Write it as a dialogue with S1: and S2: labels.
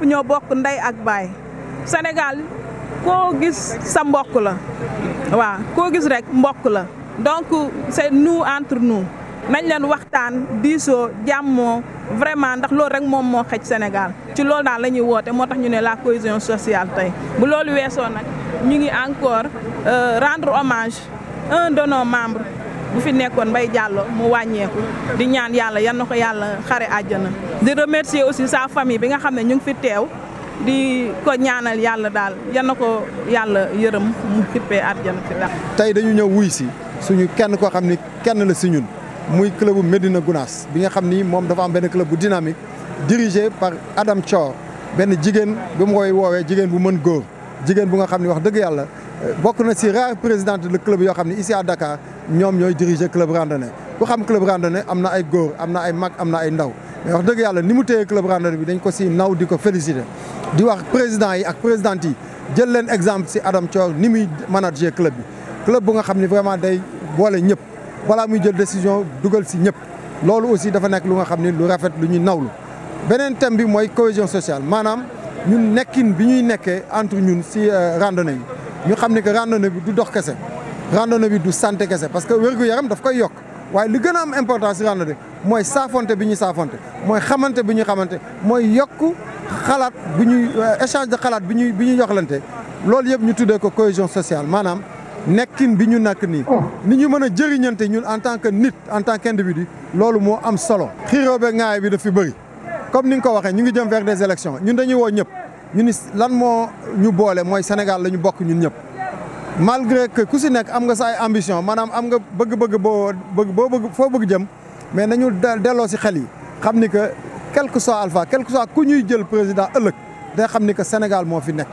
S1: bu ñoo bokk ndey ak baay Sénégal koo gis sa mbokk la waaw koo gis rek mbokk la donc c'est nu entre nu nañ leen waxtaan diisoo jàmmoo vraiment ndax loolu rek moom moo xëj Sénégal ci lool daal la ñuy woote moo tax ñu ne la cohésion sociale tey bu loolu weesoo nag ñu ngi encore euh, rendre hommage un de nos bu fi nekkoon Mbaye Diallo mu wàññeeku di ñaan yàlla yan na ko yàlla xare àjjana di remercier aussi sa famille bi nga xam ne ñu ngi fi teew di ko ñaanal yàlla daal yan na ko yàlla yërëm mu xippee àjjana fi dax
S2: tey dañu ñëw wuy si suñu kenn koo xam ni kenn la si ñun muy clubu Médina Gounass bi nga xam ni moom dafa am benn club bu dynamique dirigé par Adam Thior benn jigéen bi mu koy woowee jigéen bu mën góor jigéen bu nga xam ni wax dëgg yàlla bokk na si rare présidente de club yoo xam ni ici à ñoom ñooy diriger club randonnée ku xam club randonnée am na ay góor am na ay mag am na ay ndaw mais wax dëgg yàlla ni mu téye club randonnée bi dañ ko si naw di ko féliciter di wax président yi ak président yi jël leen exemple si Adam Thior ni muy manager club bi club bu nga xam ne vraiment day boole ñëpp balaa muy jël décision dugal si ñëpp loolu aussi dafa nekk lu nga xam ne lu rafet lu ñuy lu beneen thème bi mooy cohésion sociale maanaam ñun nekkin bi ñuy nekkee entre ñun si euh, randonnée yi ñu xam ne que bi du dox kese randonnée bi du santé kese parce que wér-gu-yaram daf koy yokk waaye li gën a am importance si randonnée mooy saafonte bi ñu saafonte mooy xamante bi ñu xamante mooy yokk xalaat bi ñuy euh, échange de xalaat bi ñuy bi ñuy yoxlante loolu yëpp ñu tuddee ko cohésion sociale maanaam nekkin bi ñu nakk nii ni ñu mën a jëriñante ñun en tant que nit en tant qu'individu loolu moo am solo xiiroo be ŋaay bi daf fi bëri comme ni nga ko waxee ñu ngi jëm vers des élections ñun dañu woo ñëpp ñu ni lan moo ñu boole mooy Sénégal la ñu bokk ñun ñëpp malgré que ku si nekk am nga sa ay ambition maanaam am nga bëgg-bëgg boo bëgg boo bëgg foo bëgg jëm mais nañu delloo si xel yi xam ni que quelque que soit Alpha quel que ku ñuy jël président ëllëg day xam ni que Sénégal moo fi nekk.